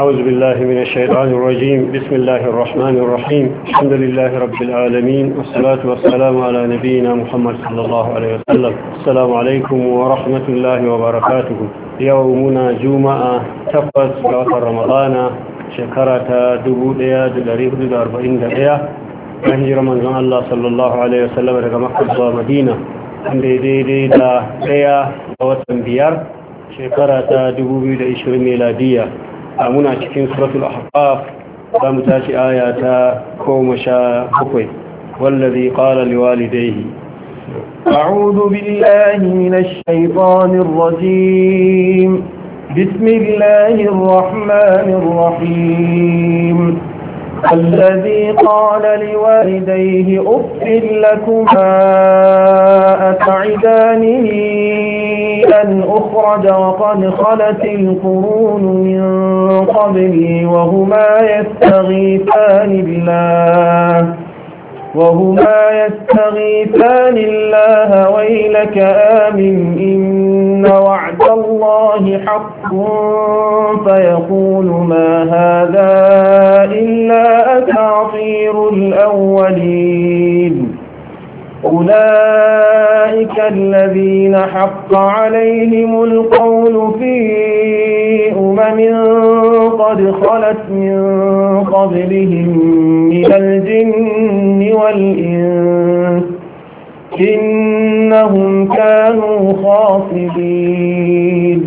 أعوذ بالله من الشيطان الرجيم بسم الله الرحمن الرحيم الحمد لله رب العالمين والصلاة والسلام على نبينا محمد صلى الله عليه وسلم السلام عليكم ورحمة الله وبركاته يومنا جمعة تقص بعد رمضان شكرة دبودية دلاريه دلاربعين دقية نهجر من الله صلى الله عليه وسلم لك مكة ومدينة عند دي دا دقية وتنبيار شكرة 2020 ميلادية a muna cikin suratul ahqaf za mu tashi aya ta koma sha bakwai wallazi qala liwalidayhi a'udhu billahi minash shaitanir rajim بسم الله الرحمن الذي قال لوالديه أف لكما أتعداني أن أخرج وقد خلت القرون من قبلي وهما يستغيثان الله وهما يستغيثان الله ويلك آمن إن وعد الله حق فيقول ما هذا إلا أساطير الأولين أولئك الذين حق عليهم القول في أمم قد خلت من قبلهم من الجن والإنس إنهم كانوا خاصبين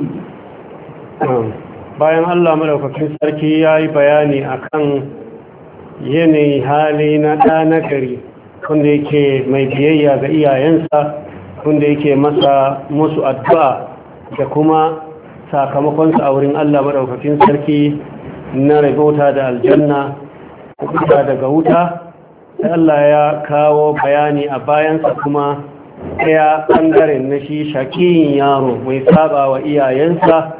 bayan نعم. الله ملوك sarki ya yi bayani akan يني hali na wanda yake mai biyayya ga iyayensa wanda yake masa musu addu'a da kuma sakamakonsa a wurin Allah maɗaukakin sarki na rabauta da aljanna kuka daga wuta sai Allah ya kawo bayani a bayansa kuma ɗaya ɓangaren na shi shakiyin yaro mai saba wa iyayensa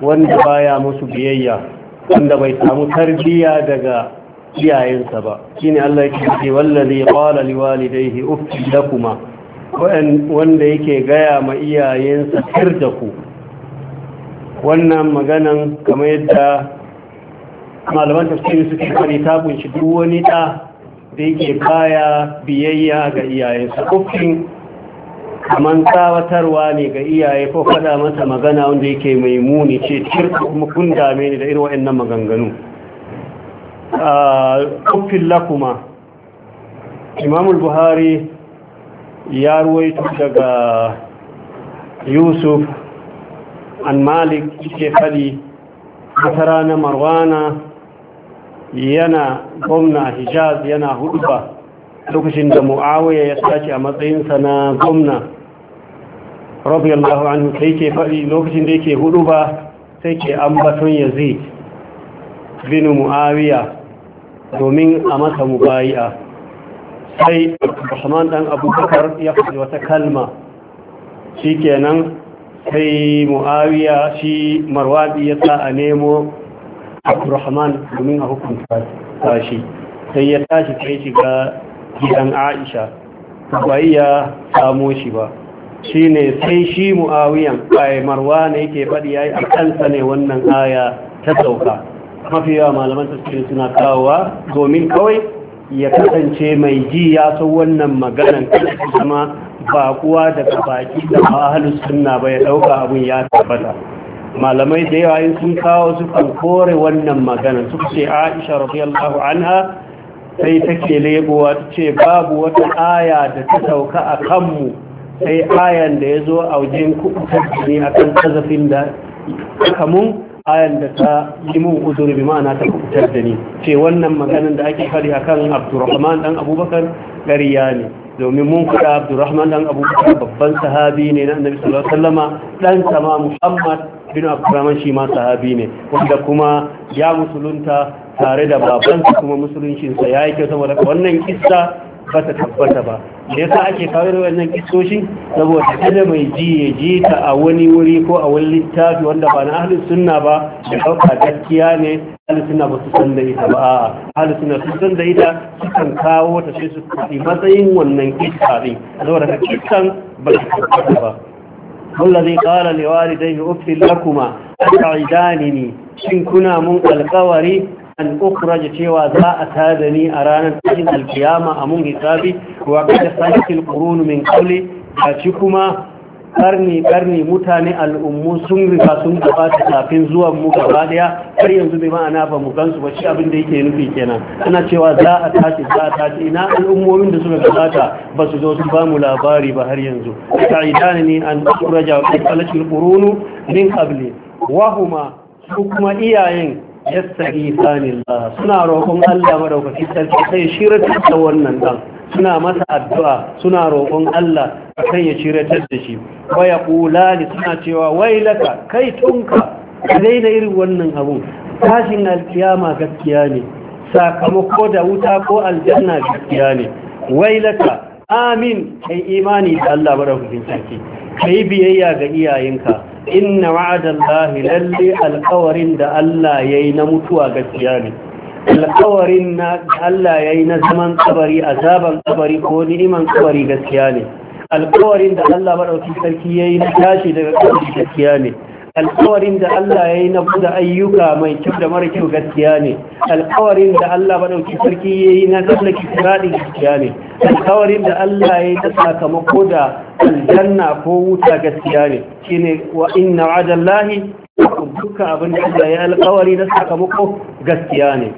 wanda baya musu biyayya wanda bai samu tarbiyya daga iyayensa ba shi ne Allah yake ce wallazi qala liwalidayhi ufti lakuma wanda yake gaya ma iyayensa kir da ku wannan maganan kamar yadda malaman tafsiri suke kare ta kunshi duk wani da da yake baya biyayya ga iyayensa uftin kaman tsawatarwa ne ga iyaye ko faɗa masa magana wanda yake mai muni ce cirka kuma kun dame ni da irin waɗannan maganganu kuffin lakuma imamul buhari ya ruwaito daga yusuf an malik ke fadi wata na marwana yana gwamna hijaz yana hudu ba lokacin da mu'awiyya ya sace a matsayinsa na gwamna rabiyallahu anhu sai ke faɗi lokacin da yake hudu ba sai ke ambaton yazid bin mu'awiya domin a masa mubayi'a sai rahman dan abubakar ya faɗi wata kalma shi kenan sai mu'awiya shi marwadi ya sa a nemo rahman domin a hukunta shi sai ya tashi kai shiga gidan aisha bai ya samo shi ba shi ne sai shi mu'awiyan marwa ne ke faɗi ya yi a kansa ne wannan aya ta sauka mafi yawa malaman tafsiri suna kawowa domin kawai ya kasance mai ji ya san wannan maganan kasance zama bakuwa daga baki da ahlus sunna ba ya dauka abin ya tabbata malamai da yawa yin sun kawo su kore wannan maganan su ce Aisha radiyallahu anha sai ta take legowa ce babu wata aya da ta sauka a kanmu sai ayan da ya zo a wajen kuɗi ne kan kazafin da kamun ayan da ta yi mun uzuri bi ma'ana ta kubutar da ni ce wannan maganin da ake fari kan abdurrahman dan abubakar ƙarya ne domin mun kuɗa abdurrahman dan abubakar babban sahabi ne na annabi sallallahu alaihi wasallama dan sama muhammad bin abdurrahman shi ma sahabi ne wanda kuma ya musulunta tare da babansa kuma musuluncinsa ya yi kyau saboda wannan kissa ba ta tabbata ba da yasa ake kawo da wannan kisoshi saboda kada mai ji ya ji ta a wani wuri ko a wani littafi wanda ba na ahlus sunna ba da ɗauka gaskiya ne ahlus sunna ba su san da ita ba a'a ahlus sunna su san da ita sukan kawo ta sai su kuɗi matsayin wannan kisa din saboda ka kisan ba ta tabbata ba والذي قال لوالديه أفل لكما أتعدانني Shin kuna mun القوري an ukhraj cewa za a tada ni a ranar cikin alkiyama a mun hisabi wa kada sanakil qurun min qawli a ci kuma karni karni mutane al'ummu sun riga sun gabata kafin zuwan mu gaba daya har yanzu bai ma'ana ba mu gansu ba shi abin da yake nufi kenan ana cewa za a tashi za a tashi ina al'ummomin da suka gabata ba su zo su ba mu labari ba har yanzu ta'idani ne an turaja wa kalashil qurunu min qabli wahuma su kuma iyayen yastaghisani Allah suna roƙon Allah madaukaki sarki sai shiratar da wannan dan suna masa addu'a suna roƙon Allah kan ya shiratar da shi wa li suna cewa wailaka kai tunka ka daina irin wannan abu tashin alkiyama gaskiya ne sakamako da wuta ko aljanna gaskiya ne wailaka amin kai imani da Allah madaukakin sarki kai biyayya ga iyayenka inna wa'adan lahi lalle alkawarin da Allah ya yi na mutuwa gaskiya ne alkawarin da Allah ya yi na zaman tsabari a zaban tsabari ko ni'iman tsabari gaskiya ne alkawarin da Allah maɗauki sarki ya yi na tashi daga ƙarfi gaskiya ne alkawarin da Allah ya yi na buɗe ayyuka mai kyau da mara kyau gaskiya ne alkawarin da Allah maɗauki sarki ya yi na tsallake siraɗi gaskiya ne alkawarin da Allah ya yi ta sakamako da aljanna ko wuta gaskiya ne shine wa inna wa'adallahi duka abin da Allah ya alkawari na sakamako gaskiya ne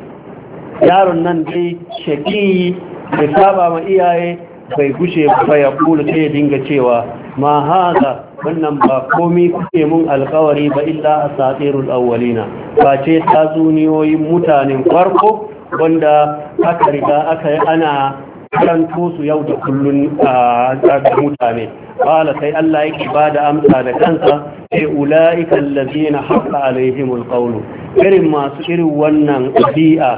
yaron nan dai shaƙi da saba ma iyaye bai gushe ba ya kula sai ya dinga cewa ma haza wannan ba komi kuke mun alkawari ba illa a asatirul awwalina ba ce ta mutanen farko wanda aka riga aka yi ana karanto su yau da kullun a mutane qala sai Allah yake bada amsa da kansa sai ulaika allazina haqqa alaihimul qawlu irin masu irin wannan bi'a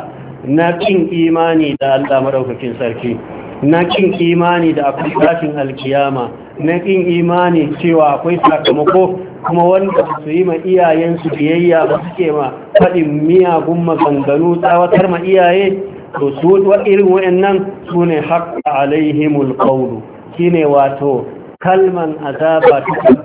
na kin imani da Allah madaukakin sarki na kin imani da akwai tashin alkiyama na kin imani cewa akwai sakamako kuma wanda su yi ma iyayensu biyayya ba suke ma faɗin miyagun maganganu tsawatar ma iyaye to su irin wa'annan sune ne haƙa alaihimul ƙaunu shi ne wato kalman azaba ta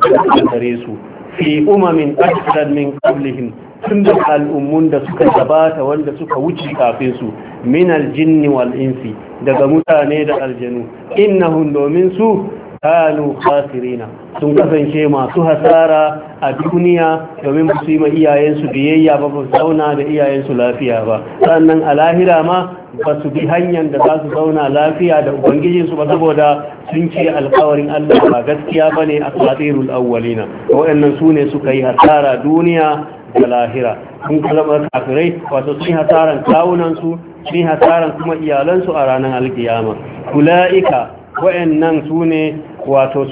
gare su fi umamin ajiyar min ƙablihim Tunda al'ummun da suka gabata wanda suka wuce kafin su min aljinni wal insi daga mutane da aljanu innahun domin su kanu khasirina sun kasance masu hasara a duniya domin su yi ma iyayensu biyayya ba ba zauna da iyayensu lafiya ba sannan a lahira ma ba su bi hanyar da za su zauna lafiya da ubangijinsu ba saboda sun ce alkawarin Allah ba gaskiya ba ne a tsatirul awwalina waɗannan su ne suka yi hasara duniya da lahira sun zama kafirai wato sun hasaran kawunansu sun hasaran kuma iyalansu a ranar alkiyama kula'ika وإن ننسوني ne wato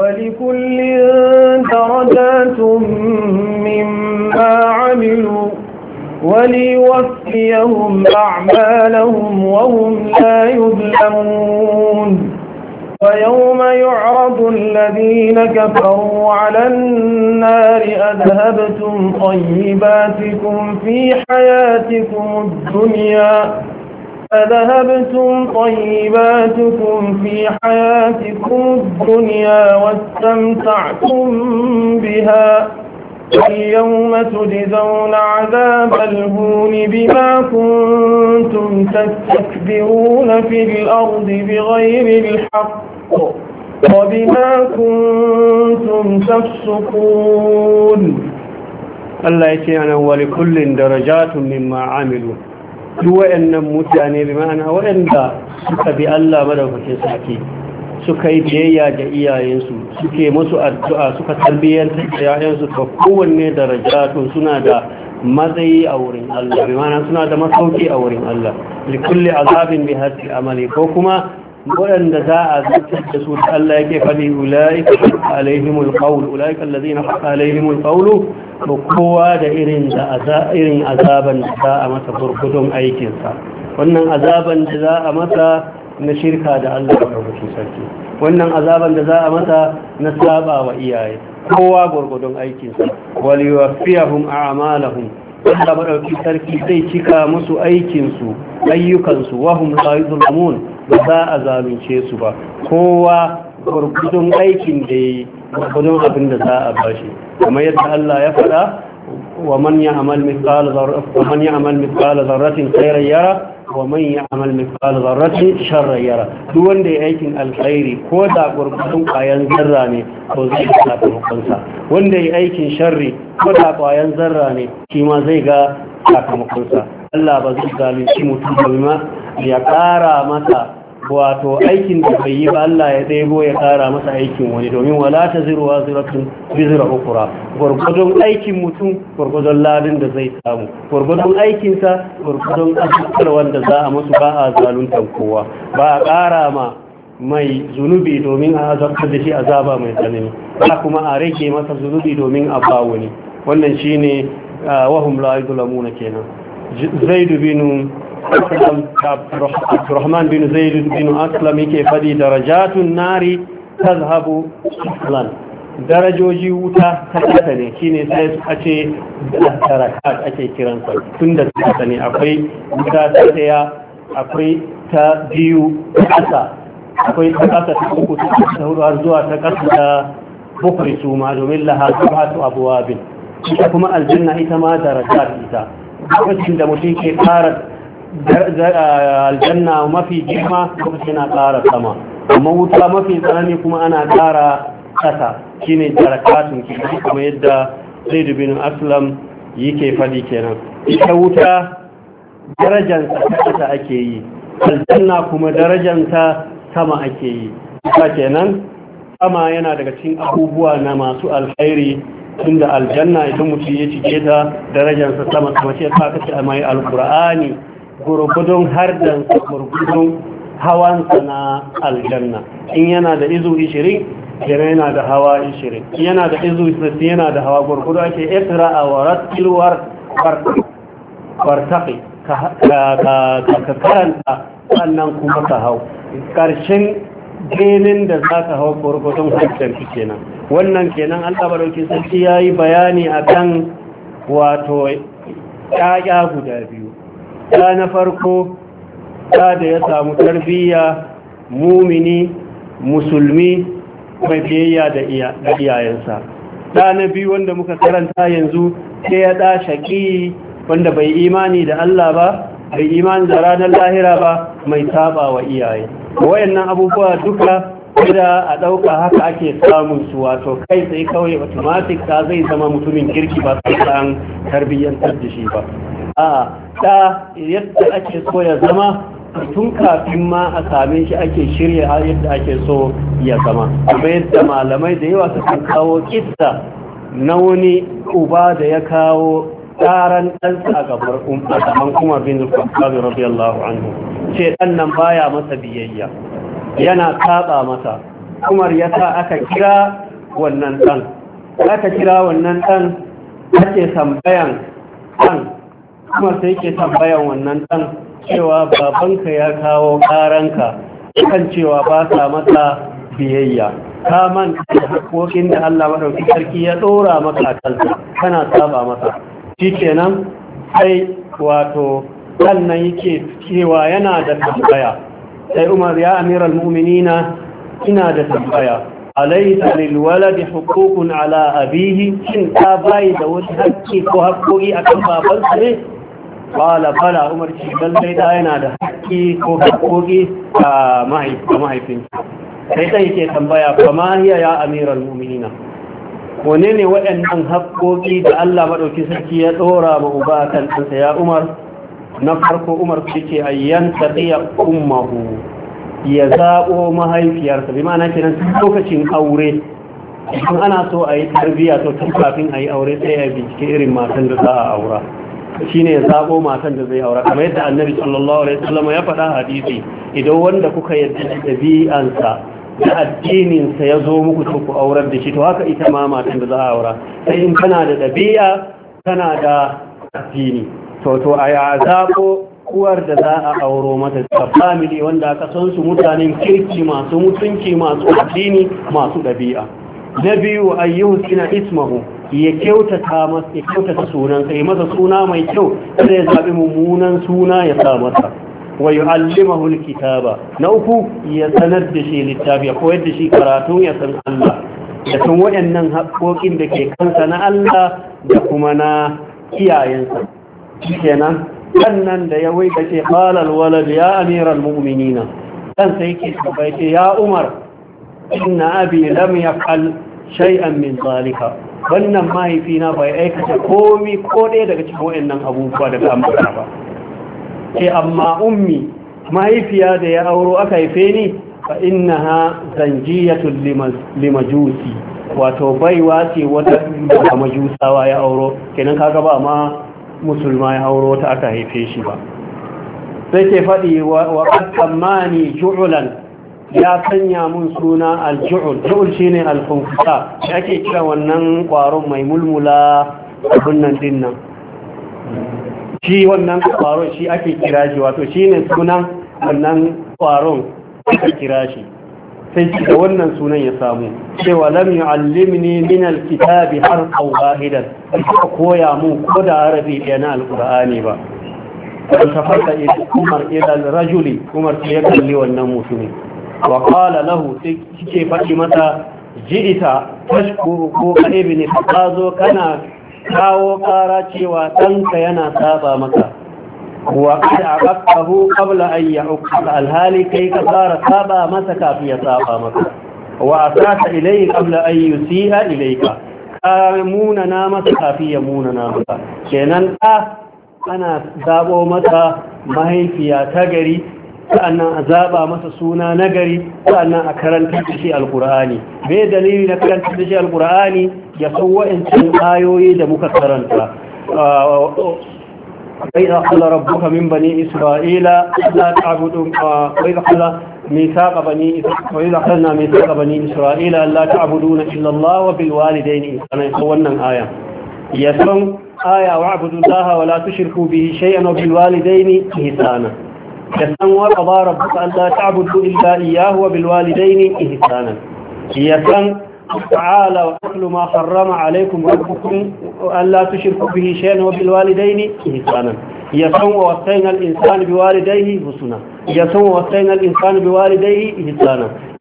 ولكل درجات مما عملوا وليوفيهم أعمالهم وهم لا يظلمون ويوم يعرض الذين كفروا على النار أذهبتم طيباتكم في حياتكم الدنيا فذهبتم طيباتكم في حياتكم الدنيا واستمتعتم بها اليوم تجزون عذاب الهون بما كنتم تستكبرون في الأرض بغير الحق وبما كنتم تفسقون الله يتعنى ولكل درجات مما عملوا duk waɗannan mutane bi ma'ana waɗanda suka bi Allah madaukakin sarki suka yi biyayya da iyayensu suke musu addu'a suka tarbiyyantar da yayansu ta kowanne daraja to suna da matsayi a wurin Allah bi ma'ana suna da masauki a wurin Allah likulli azabin bi hasi amali ko kuma waɗanda za a zartar da su da Allah yake faɗi ula'ika alaihimul qawlu ula'ika allazina haqa alaihimul qawlu to kowa da irin da irin azaban da za a masa gurgudun aikin sa wannan azaban da za a masa na shirka da Allah madaukakin sarki wannan azaban da za a masa na saba wa iyaye kowa gurgudun aikin sa waliwaffiyahum a'malahum wanda madaukakin sarki zai cika musu aikin su ayyukan su wahum la yuzlamun ba za a zalunce su ba kowa gurgudun aikin da yi gurgudun abin da za a bashi kamar yadda Allah ya faɗa wa man ya amal mithqala zarratin khairan yara wa man ya amal mithqala zarratin sharar yara duk wanda ya aikin alkhairi ko da gurgudun kayan zarra ne ko zai ga sakamakonsa. wanda ya aikin sharri ko da kayan zarra ne shi ma zai ga sakamakonsa. Allah ba zai zalunci mutum ba ya ƙara masa wato aikin da bai yi ba Allah ya ɗebo ya ƙara masa aikin wani domin wala ta ziruwa ziratun bizira ukura gwargwadon aikin mutum gwargwadon ladin da zai samu gwargwadon aikinsa gwargwadon ƙasar wanda za a masu ba a zaluntan kowa ba a ƙara ma mai zunubi domin a azabtar da shi azaba mai tsanani ba kuma a rage masa zunubi domin a ba wani wannan shine ah, wahum la yuzlamuna kenan zai dubinu Abdurrahman bin Zaid bin Aslam yake fadi darajatun nari tazhabu suflan darajoji wuta ta kasa ne shine sai su da darakat ake tun da ta ne akwai wuta ta daya akwai ta biyu kasa akwai ta kasa ta uku ta hudu har zuwa ta kasa ta bukwai su ma domin laha sabatu abuwabin ita kuma aljanna ita ma darakat ita lokacin da mutum ke fara aljanna mafi girma kuma yana ƙara sama amma wuta mafi tsanani kuma ana ƙara ƙasa shine katin kenan kuma yadda zai dubin aslam ke fadi kenan ita wuta darajanta ta ake yi aljanna kuma darajanta sama ake yi ta kenan sama yana daga cikin abubuwa na masu alkhairi tunda aljanna ita mutum ya cike ta darajansa sama kuma ce ta kace mai alkur'ani gurgudun hardan gurgudun hawan na aljanna in yana da izu 20 yana yana da hawa 20 yana da izu 30 yana da hawa gurgudu ake ikra a warat tilwar wartaki ka karanta sannan kuma ka hau ƙarshen benin da za ka hau gurgudun hardan kenan wannan kenan allah bar sarki ya yi bayani akan wato ƴaƴa guda biyu ta na farko ta da ya samu tarbiyya mumini musulmi mai biyayya da iyayensa ta na biyu wanda muka karanta yanzu sai ya ɗa shaƙi wanda bai imani da Allah ba bai imani da ranar lahira ba mai saba wa iyaye wayannan abubuwa duka da a ɗauka haka ake samun su wato kai sai kawai automatic ta zai zama mutumin kirki ba sai an tarbiyyantar da shi ba a ta yadda ake so ya zama tun kafin ma a same shi ake shirya yadda ake so ya zama kuma yadda malamai da yawa suka kawo kissa na wani uba da ya kawo tsaran ɗansa a gabar umar kuma bin zulfafi radiyallahu anhu ce ɗan nan baya masa biyayya yana kaɓa masa umar ya sa aka kira wannan ɗan aka kira wannan ɗan ake tambayan ɗan kuma sai ke tambayan wannan ɗan cewa babanka ya kawo ƙaranka kan cewa ba sa masa biyayya ka man da haƙoƙin da Allah maɗauki sarki ya ɗora maka a kana saba masa shi kenan sai wato sannan yake cewa yana da tambaya sai umar ya amiral mu'minina ina da tambaya alaisa lil waladi huququn ala abihi shin ka bai da wani haƙƙi ko haƙƙoƙi akan babansa ne bala bala umar lallai da yana da haƙƙi ko haƙƙoƙi ga mahaifin sai ɗan yake tambaya ba ma hiya ya amiral mu'minina wane ne waɗannan haƙƙoƙi da Allah maɗauki sarki ya ɗora ma uba kan ɗansa ya umar na farko umar ku ce ayyan taqiya ummahu ya zaɓo mahaifiyarsa bi ma'ana kenan lokacin aure idan ana so a yi tarbiyya to tun kafin a yi aure sai a bincike irin matan da za a aura shine ya zabo matan da zai aura kamar yadda annabi sallallahu alaihi wasallam ya faɗa hadisi idan wanda kuka yadda dabi'ansa da addininsa ya zo muku to ku aurar da shi to haka ita ma matan da za a aura sai in kana da ɗabi'a kana da addini to to a ya zabo uwar da za a auro mata ta family wanda aka san su mutanen kirki masu mutunci masu addini masu ɗabi'a. na biyu ayyuhu sina ismahu ya kyautata masa ya kyautata masa suna mai kyau sai ya zabi mummunan suna ya sa masa wa yu'allimahu alkitaba na uku ya sanar da shi littafi ya koyar da shi karatu ya san Allah da san waɗannan haƙoƙin da ke kansa na Allah da kuma na kiyayensa kenan sannan da ya wai kace qala alwalad ya amiral mu'minina dan sai yake tabbai ya umar inna abi lam yaf'al shay'an min zalika wannan mahaifina bai aikata komi ko ɗaya daga cikin wa'annan abubuwa da daga ambata ba ce amma ummi mahaifiya da ya auro aka haife ni fa innaha zanjiyatul limajusi wato baiwa ce wata da majusawa ya auro kenan kaga ba ma musulma ya auro ta aka haife shi ba sai ke faɗi wa qad ju'ulan. ya sanya mun suna aljuhul juhul shine alfunfusa shi ake kira wannan kwaron mai mulmula a nan dinnan. shi wannan kwaron shi ake kira shi wato shine sunan wannan kwaron aka kira shi sai shi da wannan sunan ya samu cewa lam yu'allimni min alkitabi harfan wahidan ba koya mun ko da arabi ɗaya na alqur'ani ba فالتفت عمر إلى الرجل عمر kalli wannan mutumin. wa qala lahu ke faɗi mata ji'ita tashkuru ko kaɗai ne ka zo kana kawo ƙara cewa ɗanka yana saba maka wa kada aqahu qabla an ya'uqqa alhali kai ka fara saba masa kafi ya saba maka wa a asata ilayhi qabla an yusi'a Ka muna na masa kafi ya muna na masa kenan ɗa ana zaɓo masa mahaifiya ta gari sa'annan a zaba masa suna nagari sa'annan a karanta da shi alkur'ani me dalili na karanta da shi alkur'ani ya san wa'ancin ayoyi da muka karanta وإذا قال ربك من بني إسرائيل لا تعبدوا وإذا قال ميثاق بني وإذا قلنا ميثاق بني إسرائيل لا تعبدون إلا الله وبالوالدين أنا يقولنا آية يسمى آية واعبدوا الله ولا تشركوا به شيئا وبالوالدين إحسانا yasan wa qadara rabbuka an la ta'budu illa iyyahu wa bil walidayni ihsana yasan ta'ala wa aklu ma harrama alaykum rabbukum an la wa bil walidayni ihsana yasan wa wasayna al insana bi yasan wa wasayna al insana bi walidayhi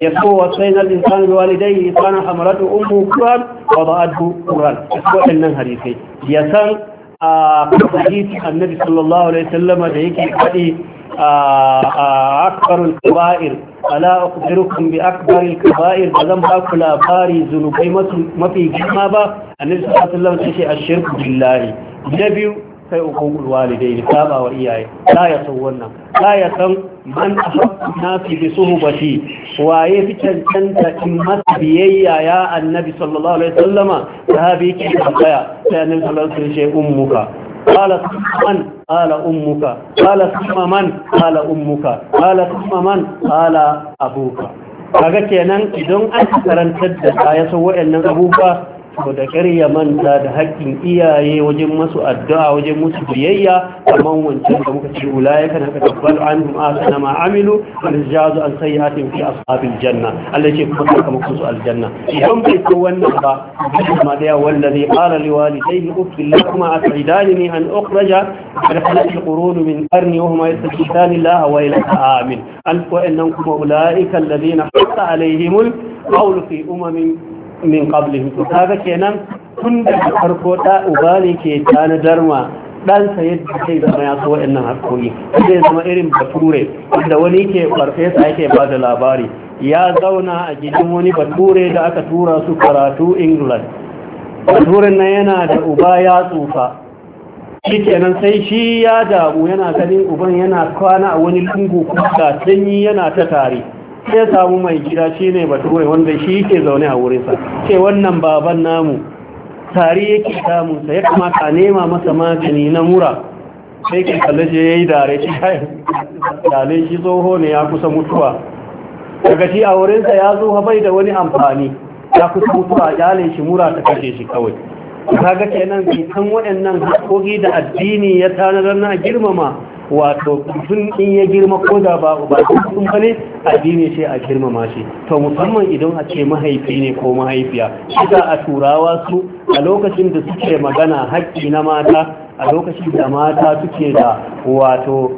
yasan wa wasayna al insana bi walidayhi ihsana hamaratu ummu qur'an wa da'atu qur'an qul lan harifi yasan a hadisi annabi sallallahu alaihi wasallama da yake fadi أكبر الكبائر ألا kaba'ir ba zan ba أكل أباري ذنوبي ما في جمع النبي صلى الله عليه وسلم تشيء الشرك بالله نبي sai ukun walidai saba wa iyaye la ya san wannan la ya san man ahabbu nasi bi suhbati waye fi cancanta in masa biyayya ya annabi sallallahu alaihi wasallama sahabi ke tambaya sai annabi sallallahu alaihi wasallam ummuka قال من قال امك قال ثم من قال امك قال ثم من قال ابوك kaga kenan idan an karantar da ya so wa'annan abubuwa to da karya manta da haƙƙin iyaye wajen masu addu'a wajen musu biyayya kamar wancan da muka ce ulaya kan haka tabbalu an hum asana ma amilu wal jazu an sayyatin fi ashabil janna Allah ce kuma saka muku su aljanna idan bai ko wannan ba kuma da ya wallazi qala li walidayhi uffil lakuma at'idani an ukhraja qad khalat al qurun min qarni wa huma yastabithan Allah wa ilaka amin an ko annan kuma ulaika alladhina hatta alaihimul qawlu fi umamin min qablihi to kaga kenan tun da farko da uba ne ke tanadar Dan ɗansa yadda zai zama ya so waɗannan harkoki zai zama irin bature wanda wani ke farfesa yake ba da labari ya zauna a gidan wani bature da aka tura su karatu england Bature na yana da uba ya tsufa shi kenan sai shi ya damu yana ganin uban yana kwana a wani lungu kuma sanyi yana ta tare sai ya samu mai gida shi ne bature wanda shi yake zaune a wurinsa ce wannan baban namu tari yake samunsa ya kamata nema masa magani na mura sai ke kalle shi ya yi dare shi shi tsoho ne ya kusa mutuwa daga shi a wurinsa ya zo bai da wani amfani ya kusa mutuwa yale shi mura ta kashe shi kawai ga kenan kan waɗannan haƙoƙi da addini ya tanadar na girmama wato sun in ya girma ko da ba ba sun bane addini ce a girmama shi to musamman idan a ce mahaifi ne ko mahaifiya shiga a turawa su a lokacin da suke magana haƙƙi na mata a lokacin da mata suke da wato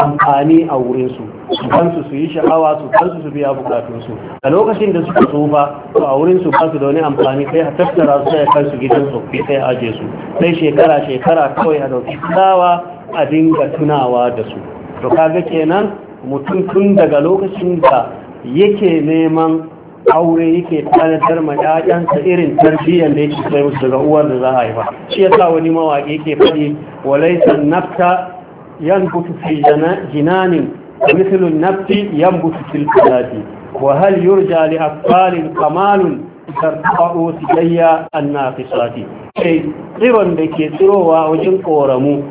amfani a wurinsu su kansu su yi sha'awa su kansu su biya bukatunsu a lokacin da suka tsufa to a wurinsu ba su da wani amfani sai a tattara su sai a kansu gidan su, sai a aje su sai shekara shekara kawai a dauki dawa a dinga tunawa da su to kaga kenan mutum tun daga lokacin da yake neman aure yake tanadar ma ƴaƴansa irin tarbiyyar da yake sai musu daga uwar da za a haifa shi yasa wani mawaƙi yake faɗi walaysa nafta yanbutu fi jinanin مثل النفس ينبت في البلاد وهل يرجى لأطفال كمال ترتقعوا سجيا الناقصات sai tsiron da ke tsirowa wajen ƙoramu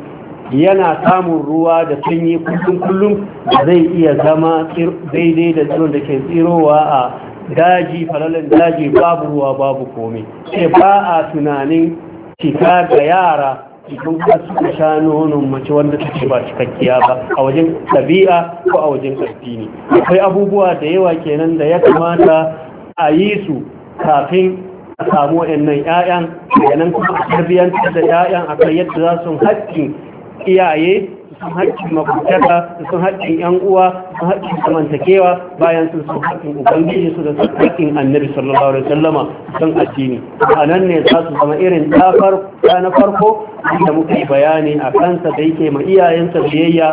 yana samun ruwa da sanyi kullum kullum da zai iya zama daidai da tsoron da ke tsirowa a daji falalin daji babu ruwa babu komai sai ba a tunanin cika ga yara cikin da sha nonon mace wanda ta ce ba cikakkiya ba a wajen ɗabi'a ko a wajen ƙarfi ne akwai abubuwa da yawa kenan da ya kamata a yi su kafin a samu wa'annan 'ya'yan kenan kuma a tarbiyyantar da 'ya'yan akan yadda za su haƙƙin iyaye sun haƙƙin makwabtaka sun haƙƙin yan uwa su haƙƙin samantakewa bayan sun su haƙƙin ubangiji su da su annabi sallallahu alaihi wasallama don addini a nan ne za su zama irin ɗa na farko da muka yi bayani a kansa da yake ma iyayensa biyayya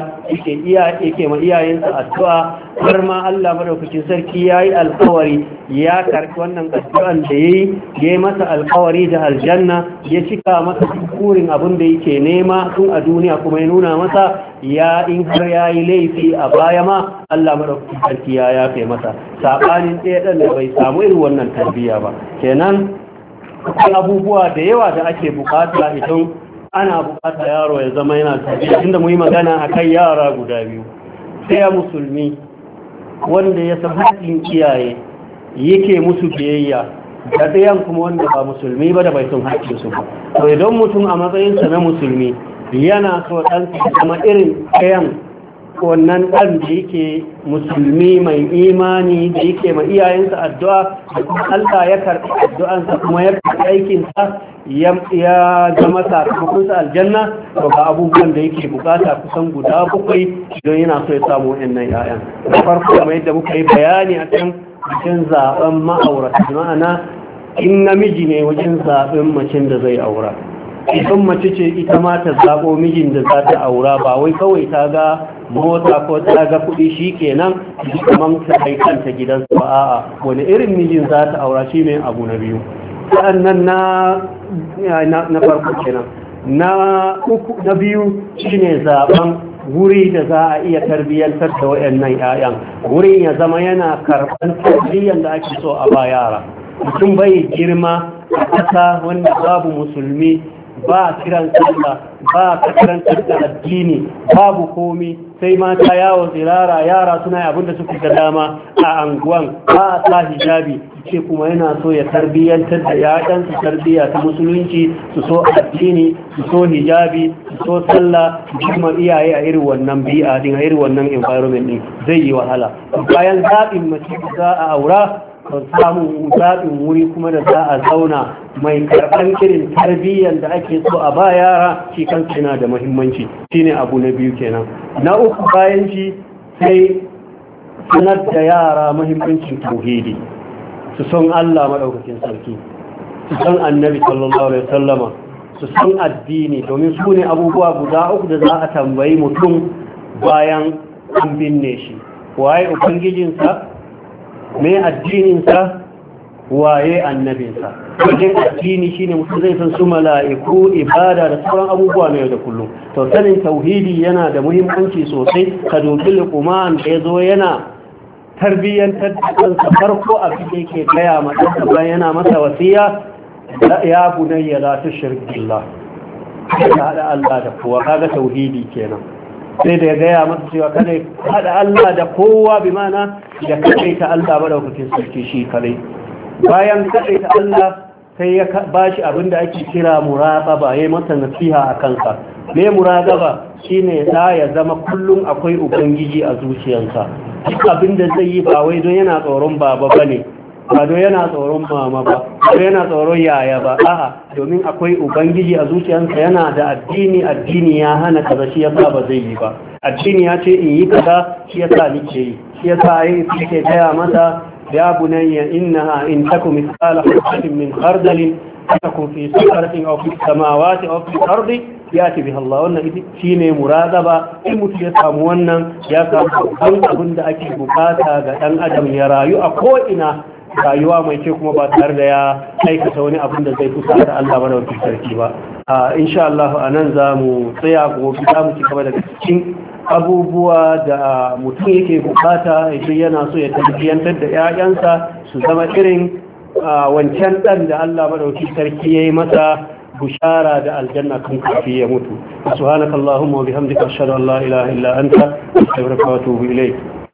yake ma iyayensa addu'a har ma Allah madaukakin sarki yayi alkawari ya karɓi wannan addu'an da yayi yayi masa alkawari da aljanna ya cika masa burin abin da yake nema tun a duniya kuma ya nuna masa ya in har yayi laifi a baya ma Allah madaukakin sarki ya yafe masa saɓanin ɗaya ɗan da bai samu irin wannan tarbiyya ba kenan akwai abubuwa da yawa da ake bukata idan ana bukata yaro ya zama yana tarbiyya inda mu yi magana kan yara guda biyu sai musulmi wanda ya san haƙƙin iyaye yake musu biyayya da ɗayan kuma wanda ba musulmi ba da bai san haƙƙin su ba to idan mutum a matsayinsa na musulmi yana so ɗansa zama irin ɗayan wannan ɗan da yake musulmi mai imani da yake ma iyayensa addu'a Allah ya karɓi addu'ansa kuma ya karɓi aikinsa ya zama sakamakonsa aljanna to ga abubuwan da yake bukata kusan guda bakwai don yana so ya samu wa'annan 'ya'yan da farko kamar yadda muka yi bayani a kan bikin zaɓen ma'aurata ma'ana in namiji ne wajen zaɓen macin da zai aura idan mace ce ita ma ta zaɓo mijin da za ta aura ba wai kawai ta ga mota ko ta ga kuɗi shi kenan kamar ta kai kanta gidansu ba a'a wani irin mijin za ta aura shi ne abu na biyu sa'annan na na farko kenan na uku na biyu shine zaɓen wuri da za a iya tarbiyyantar da wayannan 'ya'yan wurin ya zama yana karɓar tarbiyyar da ake so a ba yara mutum bai girma a ƙasa wanda babu musulmi ba kiran sallah ba karantar da addini babu komi sai mata yawon tsirara yara suna abin da suke da dama a anguwan ba a sa hijabi ce kuma yana so ya tarbiyyantar da yaƙan su tarbiyya ta musulunci su so addini su so hijabi su so sallah su kuma iyaye a irin wannan bi'a din a irin wannan environment din zai yi wahala bayan zaɓin mace za a aura ka samu zaɓin wuri kuma da za a zauna mai karɓar irin tarbiyyar da ake so a ba yara shi kansu yana da muhimmanci shine abu na biyu kenan na uku bayan shi sai sanar da yara muhimmancin tauhidi su son Allah maɗaukacin sarki su san annabi sallallahu alaihi wasallama su san addini domin su ne abubuwa guda uku da za a tambayi mutum bayan an binne shi waye ubangijinsa me addininsa waye annabinsa wajen addini shine mutum zai san su mala'iku ibada da sauran abubuwa na yau da kullum to sanin tauhidi yana da muhimmanci sosai ka dubi an da yazo yana tarbiyyantar da kansa farko a fi yake gaya ma bayan yana masa wasiya ya bunayya la tushrik billah ka haɗa Allah da kowa kaga tauhidi kenan sai da ya gaya masu cewa kada hada Allah da kowa bi mana da ta Allah madaukakin sarki shi kare bayan ta Allah sai ya shi abin da ake kira ya yi masa nasiha a kansa me shi shine za ya zama kullum akwai ubangiji a zuciyarsa duk abin da zai yi ba wai don yana tsoron baba ne. ado yana tsoron mama ba don yana tsoron yaya ba a'a domin akwai ubangiji a zuciyarsa yana da addini addini ya hana kaza shi yasa ba zai yi ba addini ya ce in yi kaza shi yasa nike yi shi yasa taya masa ya bunayya innaha in taku misala hasatin min khardalin takun fi sakaratin aw fi samawati aw fi ardi yati biha Allah wannan shine murazaba in mutum ya samu wannan ya samu abin da ake bukata ga dan adam ya rayu a ko ina rayuwa mai ce kuma ba tare da ya aikata wani abin da zai kusa da Allah mana sarki ba insha Allah a nan za mu tsaya gobe za mu ci gaba daga cikin abubuwa da mutum yake bukata idan yana so ya tarbiyyantar da 'ya'yansa su zama irin wancan ɗan da Allah madauki sarki ya yi masa bushara da aljanna kan kafi ya mutu subhanakallahumma wa bihamdika ashhadu an la ilaha illa anta astaghfiruka wa atubu